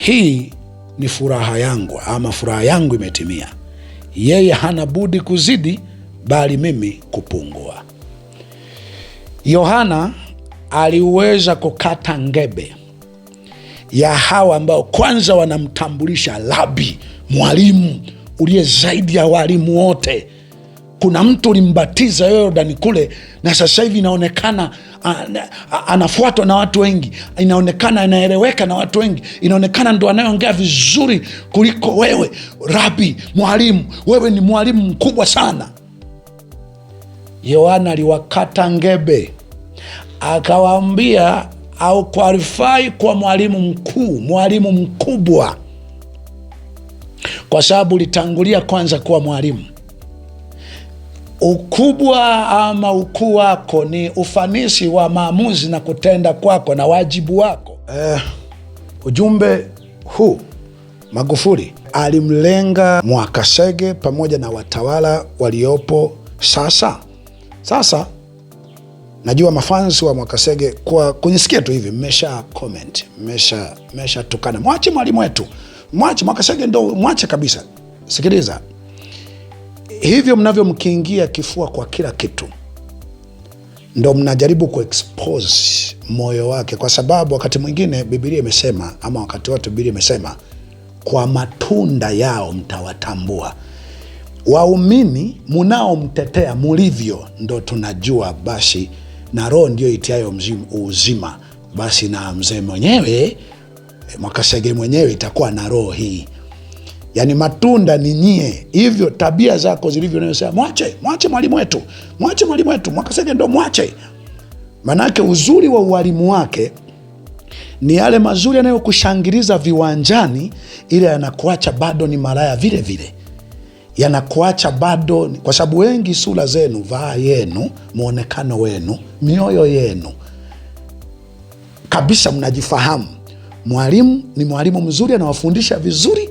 hii ni furaha yangu ama furaha yangu imetimia. Yeye hana budi kuzidi, bali mimi kupungua. Yohana aliweza kukata ngebe ya hawa ambao kwanza wanamtambulisha labi mwalimu uliye zaidi ya walimu wote kuna mtu ulimbatiza Yordani kule na sasa hivi inaonekana anafuatwa na watu wengi, inaonekana anaeleweka na watu wengi, inaonekana ndo anayeongea vizuri kuliko wewe. Rabi, mwalimu, wewe ni mwalimu mkubwa sana. Yohana aliwakata ngebe, akawaambia au kualifai kwa mwalimu mkuu, mwalimu mkubwa, kwa sababu ulitangulia kwanza kuwa mwalimu. Ukubwa ama ukuu wako ni ufanisi wa maamuzi na kutenda kwako na wajibu wako. Eh, ujumbe huu Magufuli alimlenga Mwakasege pamoja na watawala waliopo sasa. Sasa najua mafansi wa Mwakasege kwa kunisikia tu hivi, mmesha comment, mmesha mmesha tukana, mwache mwalimu wetu, mwache Mwakasege, ndo mwache kabisa. Sikiliza hivyo mkiingia kifua kwa kila kitu, ndo mnajaribu kuexpose moyo wake, kwa sababu wakati mwingine Bibilia imesema ama wakati wote Bibilia imesema kwa matunda yao mtawatambua. Waumini munaomtetea mulivyo, ndo tunajua basi, na Roho ndio itiayo uzima. Basi na mzee mwenyewe Mwakasege mwenyewe itakuwa na roho hii yani matunda ni nyie, hivyo tabia zako zilivyo, nayosema mwache, mwache mwalimu wetu, mwache mwalimu wetu Mwakasege, ndo mwache. Manake uzuri wa uwalimu wake ni yale mazuri yanayokushangiliza viwanjani, ila yanakuacha bado ni maraya vile vile, yanakuacha bado, kwa sababu wengi sura zenu, vaa yenu, mwonekano wenu, mioyo yenu kabisa mnajifahamu. Mwalimu ni mwalimu mzuri, anawafundisha vizuri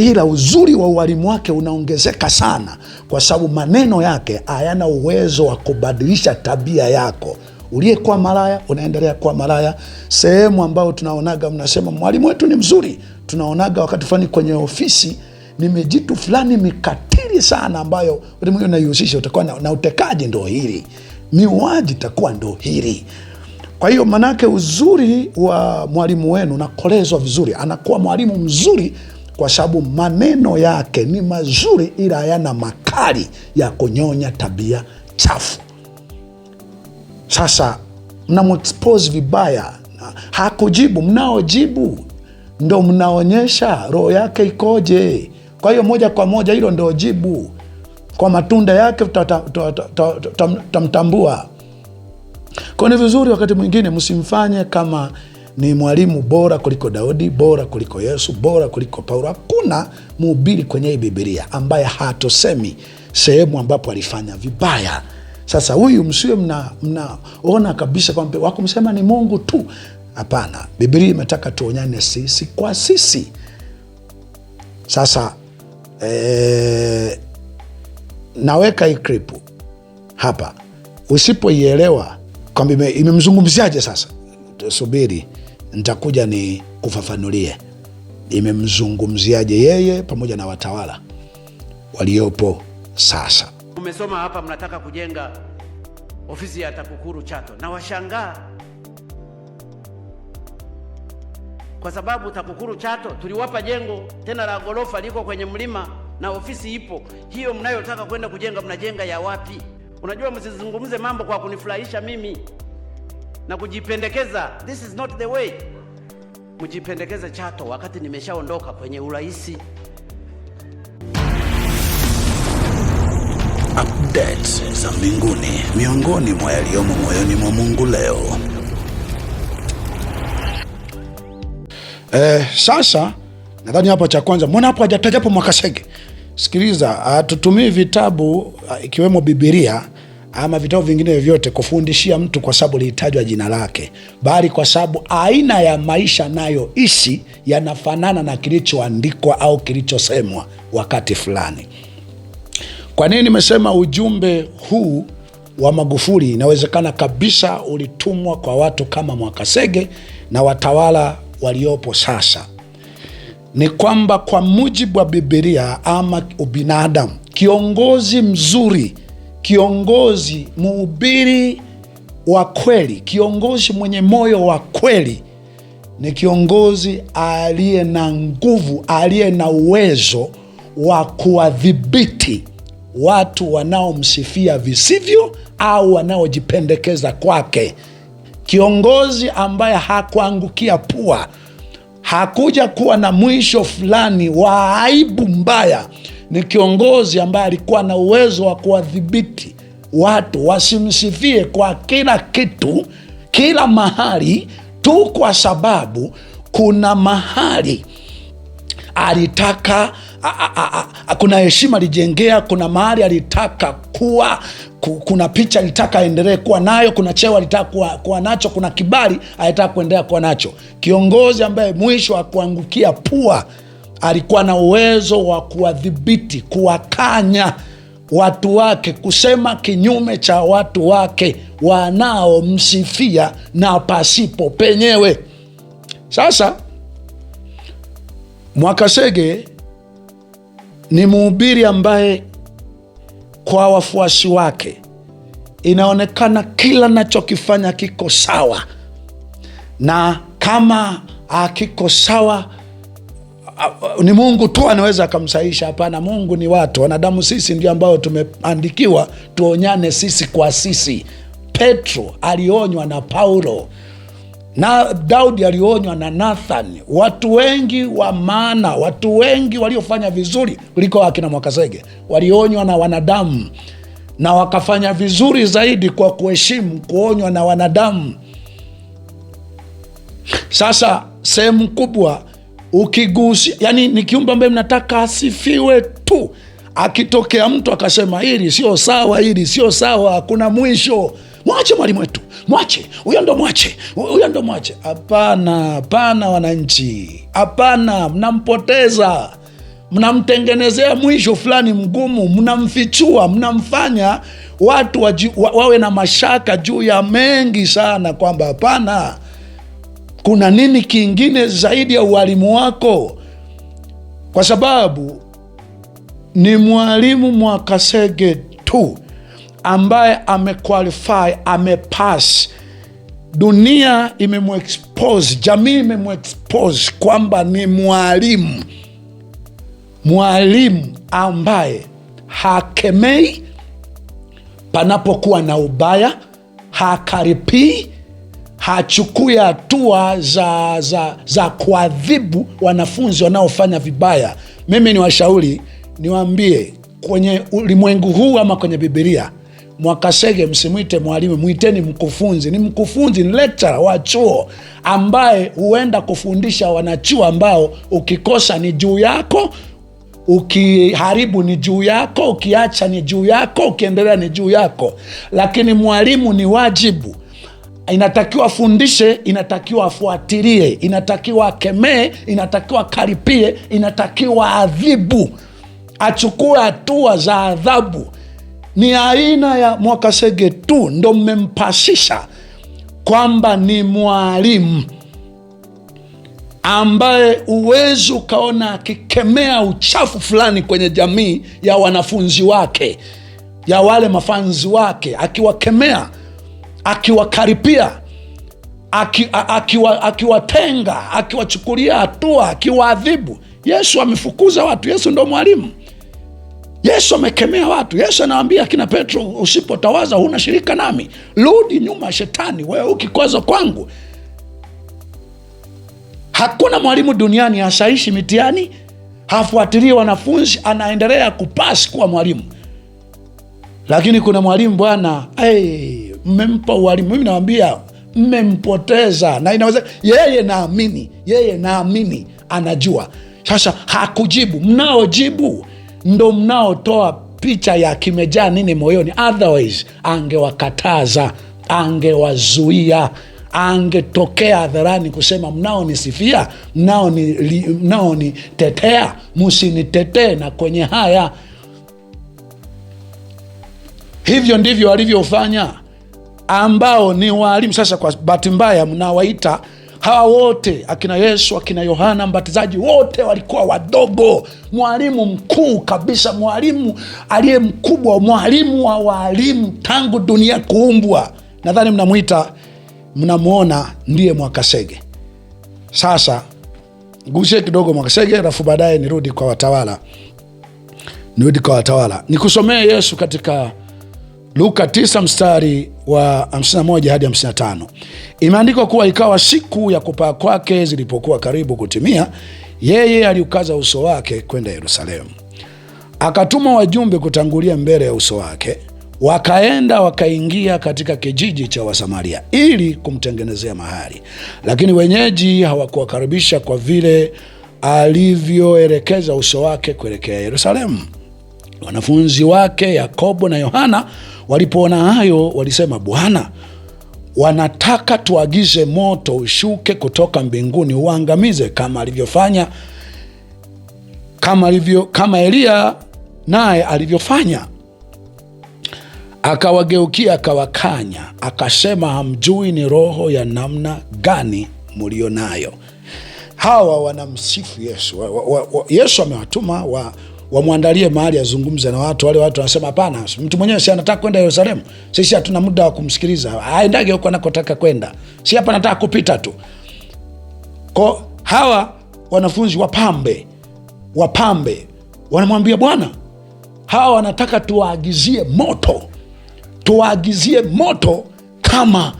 ila uzuri wa ualimu wake unaongezeka sana, kwa sababu maneno yake hayana uwezo wa kubadilisha tabia yako. Uliyekuwa malaya unaendelea kuwa malaya. Sehemu ambayo tunaonaga mnasema mwalimu wetu ni mzuri, tunaonaga wakati fulani kwenye ofisi ni mijitu fulani mikatili sana, ambayo elimu hiyo unaihusisha, utakuwa na, na utekaji ndo hili, miuaji itakuwa ndo hili. Kwa hiyo manake uzuri wa mwalimu wenu unakolezwa vizuri, anakuwa mwalimu mzuri kwa sababu maneno yake ni mazuri, ila hayana makali ya kunyonya tabia chafu. Sasa mnamexpose vibaya, hakujibu. Mnaojibu ndo mnaonyesha roho yake ikoje. Kwa hiyo moja kwa moja hilo ndo jibu. Kwa matunda yake tutamtambua. Kwa ni vizuri wakati mwingine msimfanye kama ni mwalimu bora kuliko Daudi, bora kuliko Yesu, bora kuliko Paulo. Hakuna mhubiri kwenye hii Bibilia ambaye hatosemi sehemu ambapo alifanya vibaya. Sasa huyu msiwe mnaona mna, kabisa kwamba wakumsema ni Mungu tu. Hapana, Bibilia imetaka tuonyane sisi kwa sisi. Sasa ee, naweka hii kripu hapa, usipoielewa kwamba imemzungumziaje sasa, subiri nitakuja ni kufafanulie imemzungumziaje yeye pamoja na watawala waliopo sasa. Umesoma hapa, mnataka kujenga ofisi ya TAKUKURU Chato na washangaa kwa sababu TAKUKURU Chato tuliwapa jengo tena la ghorofa liko kwenye mlima na ofisi ipo. Hiyo mnayotaka kwenda kujenga mnajenga ya wapi? Unajua, msizungumze mambo kwa kunifurahisha mimi na kujipendekeza. This is not the way. Kujipendekeza Chato wakati nimeshaondoka kwenye uraisi. Updates za mbinguni, miongoni mwa yaliyomo moyoni mwa Mungu leo. Eh, sasa nadhani hapo cha kwanza, mbona hapo hajatajapo Mwakasege? Sikiliza, hatutumii vitabu ah, ikiwemo Bibilia ama vitabu vingine vyovyote kufundishia mtu kwa sababu lihitajwa jina lake, bali kwa sababu aina ya maisha nayoishi yanafanana na kilichoandikwa au kilichosemwa wakati fulani. Kwa nini nimesema ujumbe huu wa Magufuli inawezekana kabisa ulitumwa kwa watu kama Mwakasege na watawala waliopo sasa? Ni kwamba kwa mujibu wa Bibilia ama ubinadamu, kiongozi mzuri Kiongozi muhubiri wa kweli, kiongozi mwenye moyo wa kweli ni kiongozi aliye na nguvu, aliye na uwezo wa kuwadhibiti watu wanaomsifia visivyo au wanaojipendekeza kwake. Kiongozi ambaye hakuangukia pua, hakuja kuwa na mwisho fulani wa aibu mbaya ni kiongozi ambaye alikuwa na uwezo wa kuwadhibiti watu wasimsifie kwa kila kitu, kila mahali tu, kwa sababu kuna mahali alitaka a, a, a, a, kuna heshima alijengea, kuna mahali alitaka kuwa kuna picha alitaka aendelee kuwa nayo, kuna cheo alitaka kuwa, kuwa nacho, kuna kibali alitaka kuendelea kuwa nacho. Kiongozi ambaye mwisho akuangukia pua alikuwa na uwezo wa kuwadhibiti, kuwakanya watu wake, kusema kinyume cha watu wake wanaomsifia na pasipo penyewe. Sasa Mwakasege ni mhubiri ambaye kwa wafuasi wake inaonekana kila anachokifanya kiko sawa, na kama akiko sawa ni Mungu tu anaweza akamsaisha. Hapana, Mungu ni watu, wanadamu sisi ndio ambao tumeandikiwa tuonyane sisi kwa sisi. Petro alionywa na Paulo na Daudi alionywa na Nathan. Watu wengi wa maana, watu wengi waliofanya vizuri kuliko akina Mwakasege walionywa na wanadamu na wakafanya vizuri zaidi kwa kuheshimu kuonywa na wanadamu. Sasa sehemu kubwa ukigusi, yani ni kiumbe ambaye mnataka asifiwe tu. Akitokea mtu akasema hili sio sawa, hili sio sawa, kuna mwisho. Mwache mwalimu wetu, mwache huyo, ndo mwache huyo, ndo mwache. Hapana, hapana wananchi, hapana, mnampoteza mnamtengenezea mwisho fulani mgumu, mnamfichua, mnamfanya watu waji, wa, wawe na mashaka juu ya mengi sana, kwamba hapana kuna nini kingine zaidi ya ualimu wako? Kwa sababu ni mwalimu Mwakasege tu ambaye amekwalify, amepas. Dunia imemwexpose, jamii imemwexpose kwamba ni mwalimu, mwalimu ambaye hakemei panapokuwa na ubaya, hakaripii hachukui hatua za, za, za kuadhibu wanafunzi wanaofanya vibaya. Mimi ni washauri niwaambie, kwenye ulimwengu huu ama kwenye Bibilia, Mwakasege msimwite mwalimu, mwiteni mkufunzi. Ni mkufunzi, ni lecturer wa chuo ambaye huenda kufundisha wanachuo ambao ukikosa ni juu yako ukiharibu ni juu yako, ukiacha ni juu yako, ukiendelea ni juu yako. Lakini mwalimu ni wajibu inatakiwa afundishe, inatakiwa afuatilie, inatakiwa akemee, inatakiwa akaripie, inatakiwa adhibu, achukue hatua za adhabu. Ni aina ya Mwakasege tu ndo mmempasisha kwamba ni mwalimu ambaye uwezi ukaona akikemea uchafu fulani kwenye jamii ya wanafunzi wake ya wale mafanzi wake, akiwakemea akiwakaripia akiwatenga aki, aki akiwachukulia hatua akiwaadhibu. Yesu amefukuza watu. Yesu ndo mwalimu. Yesu amekemea watu. Yesu anawambia akina Petro, usipotawaza huna shirika nami. Rudi nyuma, Shetani, wewe ukikwazo kwangu. Hakuna mwalimu duniani asaishi mitihani, hafuatilie wanafunzi, anaendelea kupasi kuwa mwalimu. Lakini kuna mwalimu bwana, hey, mmempa uhalimu Mimi nawambia mmempoteza, na inaweza yeye, naamini yeye, naamini anajua. Sasa hakujibu. Mnaojibu ndo mnaotoa picha ya kimejaa nini moyoni, otherwise angewakataza, angewazuia angetokea hadharani kusema mnaonisifia, mnaonitetea, msinitetee na kwenye haya. Hivyo ndivyo alivyofanya ambao ni waalimu. Sasa kwa bahati mbaya mnawaita hawa wote, akina Yesu akina Yohana Mbatizaji, wote walikuwa wadogo. Mwalimu mkuu kabisa, mwalimu aliye mkubwa, mwalimu wa waalimu tangu dunia kuumbwa, nadhani mnamwita, mnamwona ndiye Mwakasege. Sasa gusie kidogo Mwakasege, alafu baadaye nirudi kwa watawala, nirudi kwa watawala, nikusomee Yesu katika Luka 9 mstari wa 51 hadi 55, imeandikwa kuwa ikawa siku ya kupaa kwake zilipokuwa karibu kutimia, yeye aliukaza uso wake kwenda Yerusalemu, akatuma wajumbe kutangulia mbele ya uso wake, wakaenda wakaingia katika kijiji cha Wasamaria ili kumtengenezea mahali, lakini wenyeji hawakuwakaribisha kwa vile alivyoelekeza uso wake kuelekea Yerusalemu. Wanafunzi wake Yakobo na Yohana Walipoona hayo, walisema, Bwana, wanataka tuagize moto ushuke kutoka mbinguni uangamize, kama alivyofanya kama alivyo, kama Eliya naye alivyofanya. Akawageukia akawakanya, akasema, hamjui ni roho ya namna gani mlio nayo. Hawa wanamsifu Yesu wa, wa, wa, Yesu amewatuma wa wamwandalie mahali azungumze na watu wale. Watu wanasema hapana, mtu mwenyewe si anataka kwenda Yerusalemu, sisi hatuna muda wa kumsikiliza, aendage huko anakotaka kwenda, si hapa anataka kupita tu. Ko hawa wanafunzi wapambe, wapambe wanamwambia Bwana, hawa wanataka tuwaagizie moto, tuwaagizie moto kama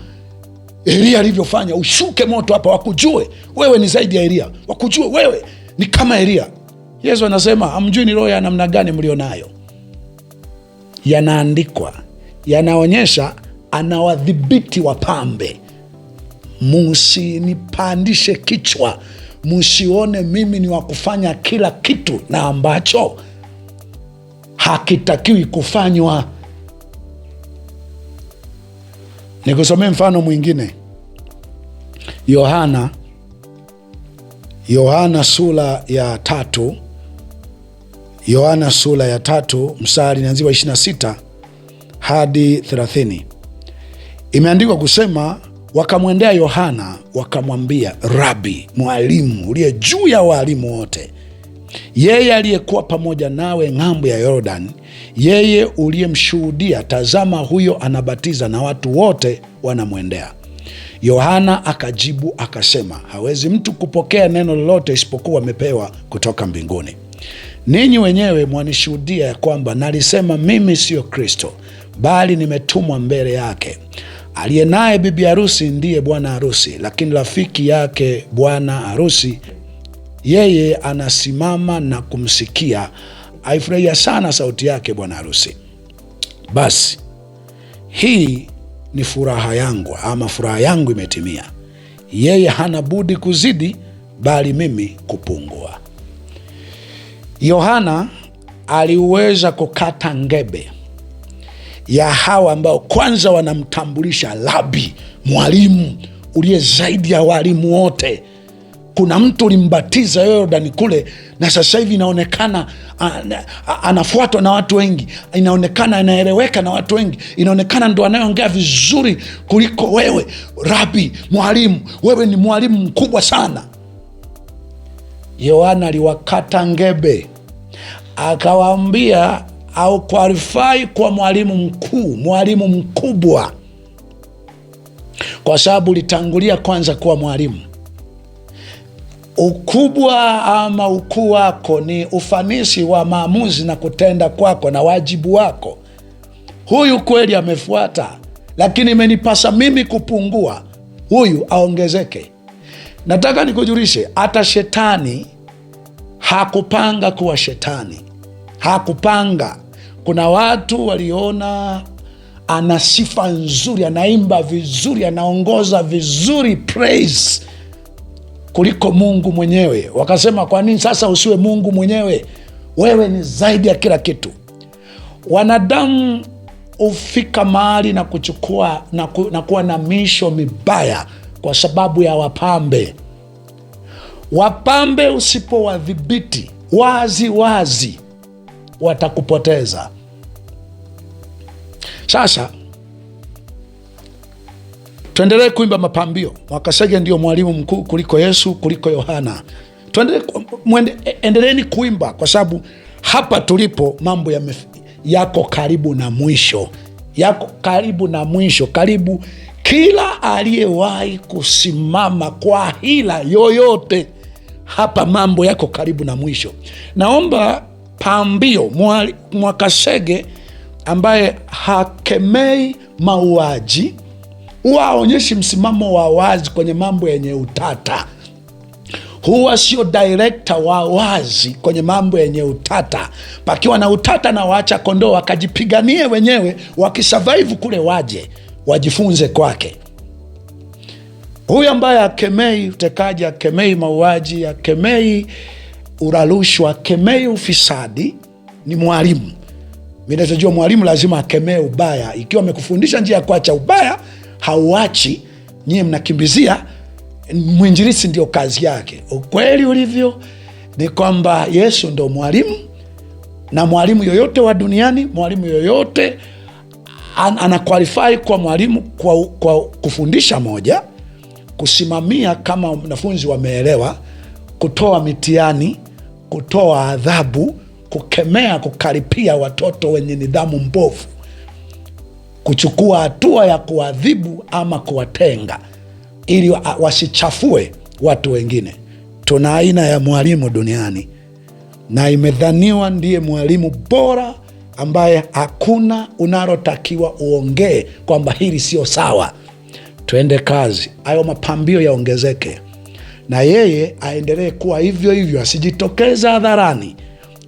Elia alivyofanya, ushuke moto hapa, wakujue wewe ni zaidi ya Elia, wakujue wewe ni kama Elia. Yesu anasema hamjui ni roho ya namna gani mlio nayo. Yanaandikwa, yanaonyesha anawadhibiti wapambe. Musinipandishe kichwa, musione mimi ni wa kufanya kila kitu na ambacho hakitakiwi kufanywa. Nikusomee mfano mwingine, Yohana Yohana sura ya tatu Yohana sura ya tatu mstari naanzia 26 hadi 30, imeandikwa kusema, wakamwendea Yohana wakamwambia, Rabi, mwalimu uliye juu ya waalimu wote, yeye aliyekuwa pamoja nawe ng'ambo ya Yordani, yeye uliyemshuhudia, tazama, huyo anabatiza na watu wote wanamwendea. Yohana akajibu akasema, hawezi mtu kupokea neno lolote isipokuwa amepewa kutoka mbinguni. Ninyi wenyewe mwanishuhudia ya kwamba nalisema mimi siyo Kristo, bali nimetumwa mbele yake. Aliye naye bibi harusi ndiye bwana harusi, lakini rafiki yake bwana harusi yeye anasimama na kumsikia, aifurahia sana sauti yake bwana harusi. Basi hii ni furaha yangu, ama furaha yangu imetimia. Yeye hana budi kuzidi, bali mimi kupungua. Yohana aliweza kukata ngebe ya hawa ambao kwanza wanamtambulisha Rabi, mwalimu uliye zaidi ya walimu wote. Kuna mtu ulimbatiza Yordani kule, na sasa hivi inaonekana anafuatwa na watu wengi, inaonekana anaeleweka na watu wengi, inaonekana ndo anayeongea vizuri kuliko wewe. Rabi, mwalimu, wewe ni mwalimu mkubwa sana. Yohana aliwakata ngebe, akawaambia au kuarifai kwa mwalimu mkuu, mwalimu mkubwa, kwa sababu ulitangulia kwanza kuwa mwalimu. Ukubwa ama ukuu wako ni ufanisi wa maamuzi na kutenda kwako na wajibu wako. Huyu kweli amefuata, lakini imenipasa mimi kupungua, huyu aongezeke. Nataka nikujulishe, hata shetani hakupanga kuwa shetani, hakupanga. Kuna watu waliona ana sifa nzuri, anaimba vizuri, anaongoza vizuri praise kuliko Mungu mwenyewe, wakasema kwa nini sasa usiwe Mungu mwenyewe? Wewe ni zaidi ya kila kitu. Wanadamu hufika mahali na kuchukua na, ku, na kuwa na misho mibaya kwa sababu ya wapambe. Wapambe usipowadhibiti wazi wazi, watakupoteza. Sasa tuendelee kuimba mapambio. Mwakasege ndio mwalimu mkuu kuliko Yesu kuliko Yohana. E, endeleeni kuimba kwa sababu hapa tulipo mambo ya mef, yako karibu na mwisho, yako karibu na mwisho, karibu kila aliyewahi kusimama kwa hila yoyote, hapa mambo yako karibu na mwisho. Naomba Pambio Mwakasege ambaye hakemei mauaji huwa aonyeshi msimamo wa wazi kwenye mambo yenye utata, huwa sio direkta wa wazi kwenye mambo yenye utata. Pakiwa na utata na waacha kondoo wakajipiganie wenyewe, wakisurvive kule waje wajifunze kwake. Huyu ambaye akemei utekaji, akemei mauaji, akemei urarushwa, akemei ufisadi ni mwalimu. minazojua mwalimu lazima akemee ubaya. Ikiwa amekufundisha njia ya kuacha ubaya, hauachi, nyie mnakimbizia. Mwinjilisi ndio kazi yake. Ukweli ulivyo ni kwamba Yesu ndo mwalimu, na mwalimu yoyote wa duniani, mwalimu yoyote an, anakwalifai kwa mwalimu kwa, kwa kufundisha moja, kusimamia kama wanafunzi wameelewa, kutoa mitihani, kutoa adhabu, kukemea, kukaripia watoto wenye nidhamu mbovu, kuchukua hatua ya kuadhibu ama kuwatenga ili wasichafue watu wengine. Tuna aina ya mwalimu duniani na imedhaniwa ndiye mwalimu bora ambaye hakuna unalotakiwa uongee kwamba hili sio sawa. twende kazi, hayo mapambio yaongezeke, na yeye aendelee kuwa hivyo hivyo, asijitokeza hadharani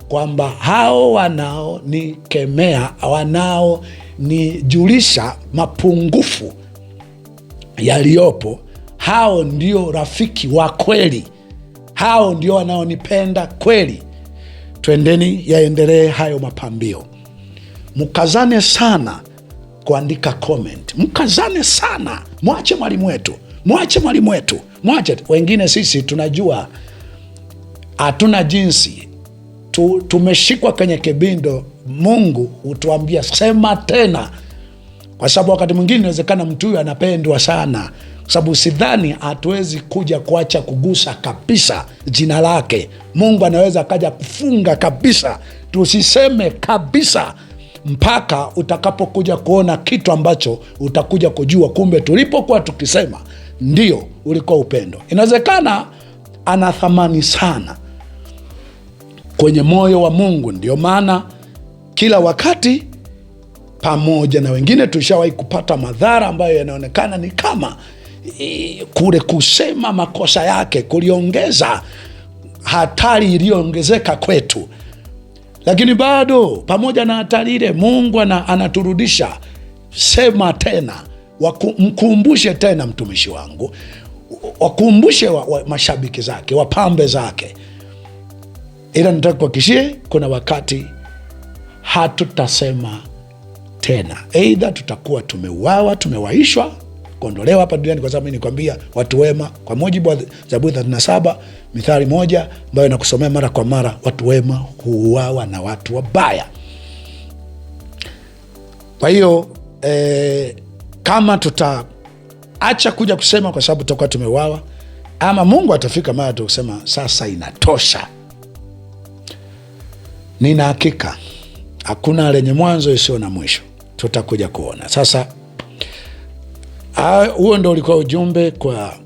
kwamba hao wanaonikemea, wanaonijulisha mapungufu yaliyopo, hao ndio rafiki wa kweli, hao ndio wanaonipenda kweli. Twendeni, yaendelee hayo mapambio mkazane sana kuandika comment, mkazane sana, mwache mwalimu wetu, mwache mwalimu wetu, mwache wengine. Sisi tunajua hatuna jinsi tu, tumeshikwa kwenye kibindo. Mungu hutuambia sema tena, kwa sababu wakati mwingine inawezekana mtu huyu anapendwa sana, kwa sababu sidhani hatuwezi kuja kuacha kugusa kabisa jina lake. Mungu anaweza akaja kufunga kabisa, tusiseme kabisa mpaka utakapokuja kuona kitu ambacho utakuja kujua kumbe tulipokuwa tukisema ndio ulikuwa upendo. Inawezekana ana thamani sana kwenye moyo wa Mungu, ndio maana kila wakati pamoja na wengine tushawahi kupata madhara ambayo yanaonekana ni kama e, kule kusema makosa yake kuliongeza hatari iliyoongezeka kwetu. Lakini bado pamoja na hatari ile, Mungu anaturudisha, sema tena, waku, mkumbushe tena mtumishi wangu, wakumbushe wa, wa, mashabiki zake, wapambe zake. Ila nataka kuhakikishie, kuna wakati hatutasema tena, eidha tutakuwa tumeuawa, tumewaishwa, kuondolewa hapa duniani, kwa sababu nikwambia, watu wema kwa mujibu wa Zaburi 37 Mithali moja ambayo inakusomea mara kwa mara, watu wema huuawa na watu wabaya. Kwa hiyo eh, kama tutaacha kuja kusema kwa sababu tutakuwa tumeuawa, ama Mungu atafika mara tu kusema sasa inatosha. Nina hakika hakuna lenye mwanzo isiyo na mwisho, tutakuja kuona. Sasa ah, huo ndo ulikuwa ujumbe kwa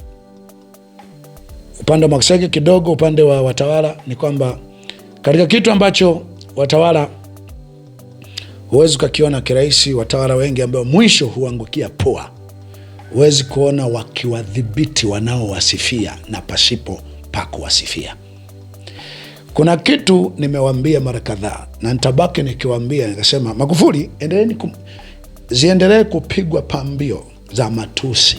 upande wa Makiseke kidogo, upande wa watawala ni kwamba katika kitu ambacho watawala huwezi ukakiona kirahisi, watawala wengi ambao mwisho huangukia poa, huwezi kuona wakiwadhibiti wanaowasifia na pasipo pa kuwasifia. Kuna kitu nimewambia mara kadhaa na nitabaki nikiwambia, nikasema Magufuli, endeleeni ziendelee kupigwa pambio za matusi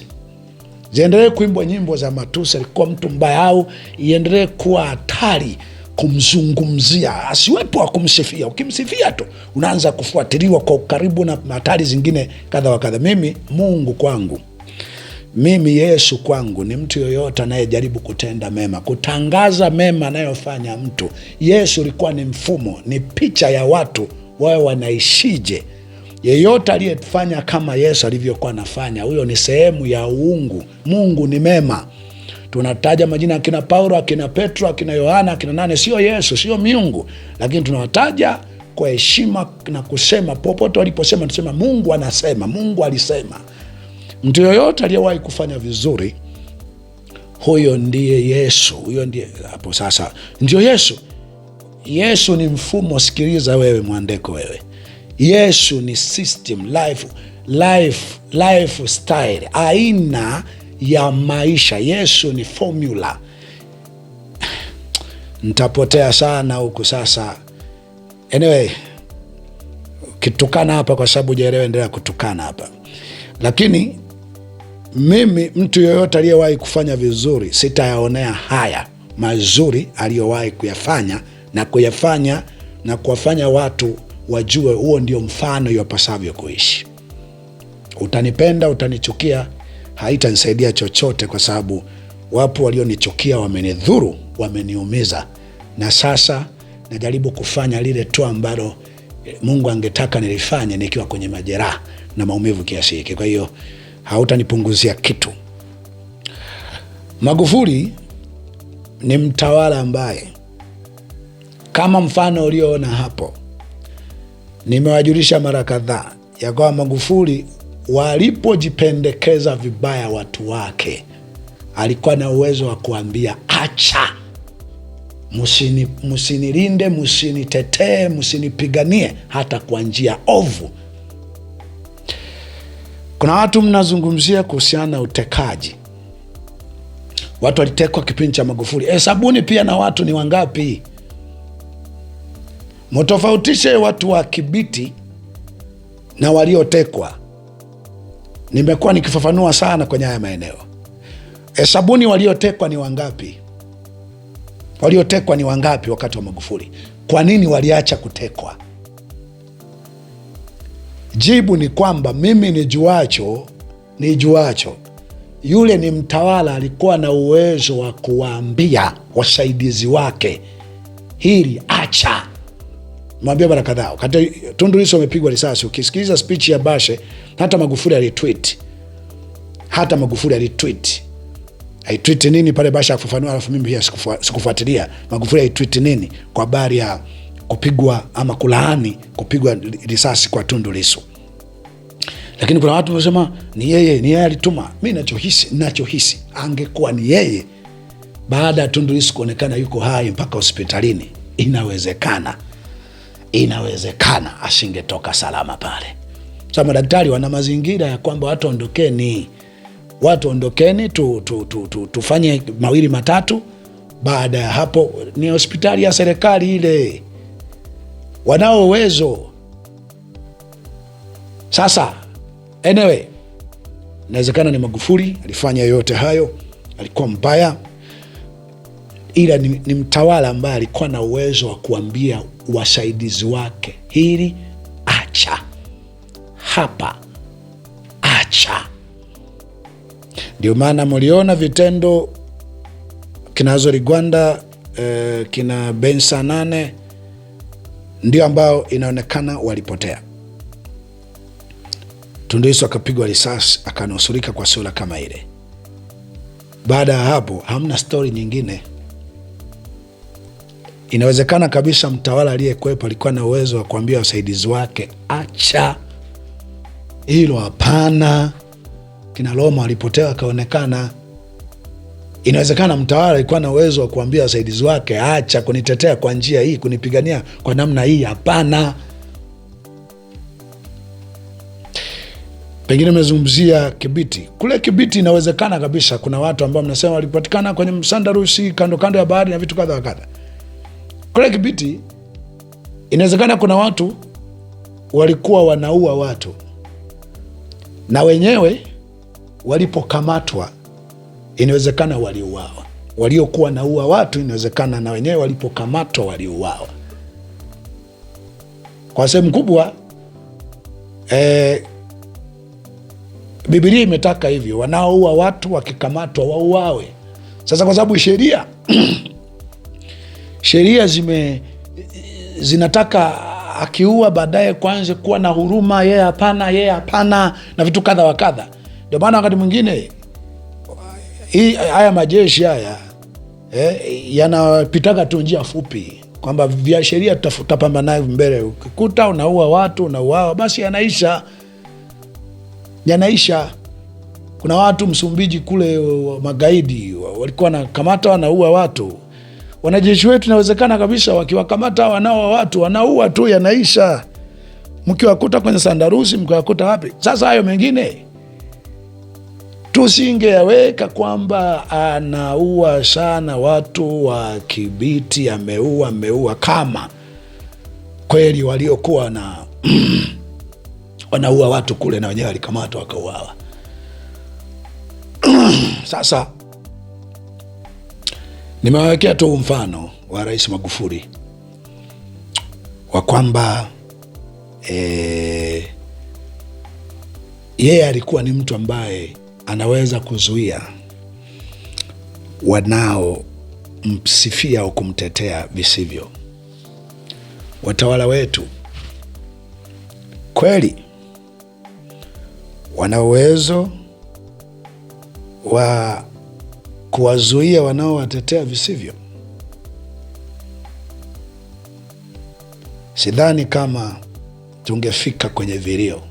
ziendelee kuimbwa nyimbo za matusi, alikuwa mtu mbaya, au iendelee kuwa hatari kumzungumzia, asiwepo wa kumsifia. Ukimsifia tu unaanza kufuatiliwa kwa ukaribu na hatari zingine kadha wa kadha. Mimi Mungu kwangu mimi Yesu kwangu ni mtu yoyote anayejaribu kutenda mema, kutangaza mema anayofanya mtu. Yesu ulikuwa ni mfumo, ni picha ya watu wawe wanaishije Yeyote aliyefanya kama Yesu alivyokuwa anafanya, huyo ni sehemu ya uungu. Mungu ni mema. Tunataja majina akina Paulo, akina Petro, akina Yohana, akina nane, sio Yesu, sio miungu, lakini tunawataja kwa heshima na kusema, popote waliposema tusema Mungu anasema, Mungu alisema. Mtu yoyote aliyewahi kufanya vizuri, huyo ndiye Yesu, huyo ndiye hapo. Sasa ndio Yesu. Yesu ni mfumo. Sikiliza wewe, mwandeko wewe Yesu ni system, life, life, style aina ya maisha. Yesu ni formula. Ntapotea sana huku sasa. Anyway, kitukana hapa, kwa sababu jaelewa endelea kutukana hapa, lakini mimi mtu yoyote aliyewahi kufanya vizuri sitayaonea haya mazuri aliyowahi kuyafanya na kuyafanya na kuwafanya watu wajue huo ndio mfano iwapasavyo kuishi. Utanipenda, utanichukia, haitanisaidia chochote, kwa sababu wapo walionichukia, wamenidhuru, wameniumiza, na sasa najaribu kufanya lile tu ambalo eh, Mungu angetaka nilifanye nikiwa kwenye majeraha na maumivu kiasi hiki. Kwa hiyo hautanipunguzia kitu. Magufuli ni mtawala ambaye kama mfano ulioona hapo Nimewajulisha mara kadhaa ya kwamba Magufuli walipojipendekeza vibaya watu wake, alikuwa na uwezo wa kuambia acha, msinilinde, msinitetee, msinipiganie hata kwa njia ovu. Kuna watu mnazungumzia kuhusiana na utekaji, watu walitekwa kipindi cha Magufuli. Hesabuni eh, pia na watu ni wangapi mutofautishe watu wa Kibiti na waliotekwa. Nimekuwa nikifafanua sana kwenye haya maeneo. Hesabuni waliotekwa ni wangapi? Waliotekwa ni wangapi wakati wa Magufuli? Kwa nini waliacha kutekwa? Jibu ni kwamba mimi ni juacho yule ni mtawala alikuwa na uwezo wa kuwaambia wasaidizi wake hili acha, mwambie mara kadhaa. kati Tundu Lissu amepigwa risasi, ukisikiliza speech ya Bashe, hata Magufuli alitweet, hata Magufuli alitweet Aitweet nini pale Bashe akufafanua, alafu mimi pia sikufuatilia Magufuli aitweet nini kwa habari ya kupigwa ama kulaani kupigwa risasi kwa Tundu Lissu. Lakini kuna watu wanasema ni yeye, ni yeye alituma. Mi nachohisi, nachohisi angekuwa ni yeye, baada ya Tundu Lissu kuonekana yuko hai mpaka hospitalini, inawezekana inawezekana asingetoka salama pale. Sasa madaktari wana mazingira ya kwamba watu ondokeni, watu ondokeni, tu, tu, tu, tu, tufanye mawili matatu. Baada ya hapo, ni hospitali ya serikali ile, wanao uwezo sasa. Anyway, inawezekana ni Magufuli alifanya yote hayo, alikuwa mbaya, ila ni, ni mtawala ambaye alikuwa na uwezo wa kuambia wasaidizi wake, hili acha hapa, acha. Ndio maana mliona vitendo kina Azori Gwanda eh, kina Bensa nane ndio ambao inaonekana walipotea. Tundu Lissu akapigwa risasi akanusurika kwa sura kama ile. Baada ya hapo hamna stori nyingine. Inawezekana kabisa mtawala aliyekwepo alikuwa na uwezo wa kuambia wasaidizi wake, acha hilo, hapana. Kina Roma walipotea wakaonekana. Inawezekana mtawala alikuwa na uwezo wa kuambia wasaidizi wake, acha kunitetea kwa njia hii, kunipigania kwa namna hii, hapana. Pengine umezungumzia Kibiti. Kule Kibiti inawezekana kabisa kuna watu ambao mnasema walipatikana kwenye msandarusi, kando kando ya bahari na vitu kadha wa kadha. Kule Kibiti inawezekana kuna watu walikuwa wanaua watu na wenyewe walipokamatwa, inawezekana waliuawa. Waliokuwa naua watu inawezekana na wenyewe walipokamatwa waliuawa kwa sehemu kubwa. Eh, Bibilia imetaka hivyo, wanaoua watu wakikamatwa wauawe. Sasa kwa sababu sheria sheria zime zinataka akiua baadaye kwanza kuwa na huruma, yeye hapana, yeye hapana, na vitu kadha wa kadha. Ndio maana wakati mwingine hii haya majeshi haya eh, yanapitaga tu njia fupi kwamba vya sheria tutapambana nayo mbele. Ukikuta unaua watu unauawa, basi yanaisha, yanaisha. Kuna watu Msumbiji kule magaidi walikuwa wanakamata wanaua watu Wanajeshi wetu inawezekana kabisa wakiwakamata wanao watu wanaua tu, yanaisha. Mkiwakuta kwenye sandarusi, mkiwakuta wapi? Sasa hayo mengine tusingeyaweka kwamba anaua sana watu wa Kibiti, ameua ameua, kama kweli waliokuwa na wanaua watu kule na wenyewe walikamatwa wakauawa. Sasa Nimewawekea tu mfano wa Rais Magufuli wa kwamba e, yeye alikuwa ni mtu ambaye anaweza kuzuia wanaomsifia au kumtetea visivyo. Watawala wetu kweli wana uwezo wa kuwazuia wanaowatetea visivyo. Sidhani kama tungefika kwenye vilio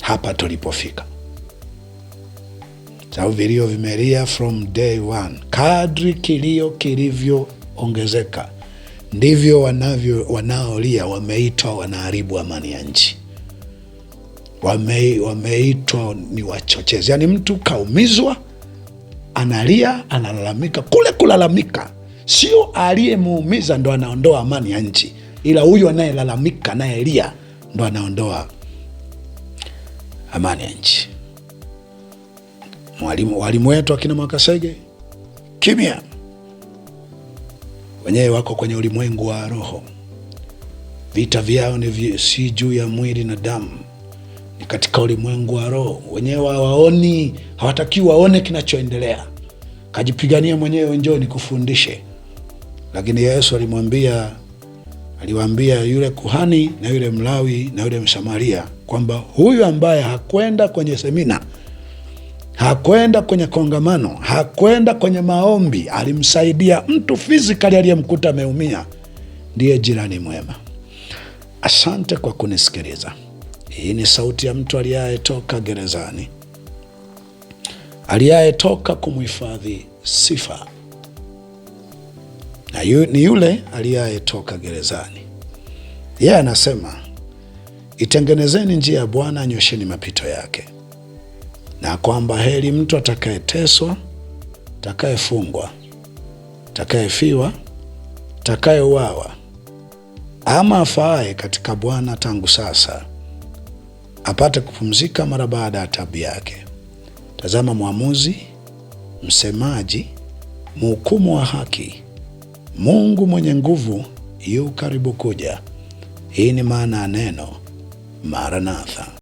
hapa tulipofika, sababu vilio vimelia from day one. Kadri kilio kilivyoongezeka ndivyo wanavyo wanaolia wameitwa wanaharibu amani ya nchi, wame, wameitwa ni wachochezi. Yaani mtu kaumizwa analia, analalamika. Kule kulalamika sio aliyemuumiza ndo anaondoa amani ya nchi, ila huyu anayelalamika anayelia ndo anaondoa amani ya nchi. Mwalimu, walimu wetu akina Mwakasege kimya, wenyewe wako kwenye ulimwengu wa roho. Vita vyao ni si juu ya mwili na damu ni katika ulimwengu wa roho. Wenyewe hawaoni, hawatakiwi waone kinachoendelea. Kajipigania mwenyewe, njoo nikufundishe. Lakini Yesu alimwambia, aliwaambia yule kuhani na yule Mlawi na yule Msamaria kwamba huyu ambaye hakwenda kwenye semina hakwenda kwenye kongamano, hakwenda kwenye maombi, alimsaidia mtu fizikali aliyemkuta ameumia, ndiye jirani mwema. Asante kwa kunisikiliza. Hii ni sauti ya mtu aliyetoka gerezani, aliyetoka kumhifadhi Sifa, na yu, ni yule aliyetoka gerezani. Yeye anasema itengenezeni njia ya Bwana, nyosheni mapito yake, na kwamba heri mtu atakayeteswa, atakayefungwa, atakayefiwa, atakayeuawa, ama afaaye katika Bwana tangu sasa apate kupumzika mara baada ya tabu yake. Tazama mwamuzi, msemaji, mhukumu wa haki. Mungu mwenye nguvu yu karibu kuja. Hii ni maana ya neno Maranatha.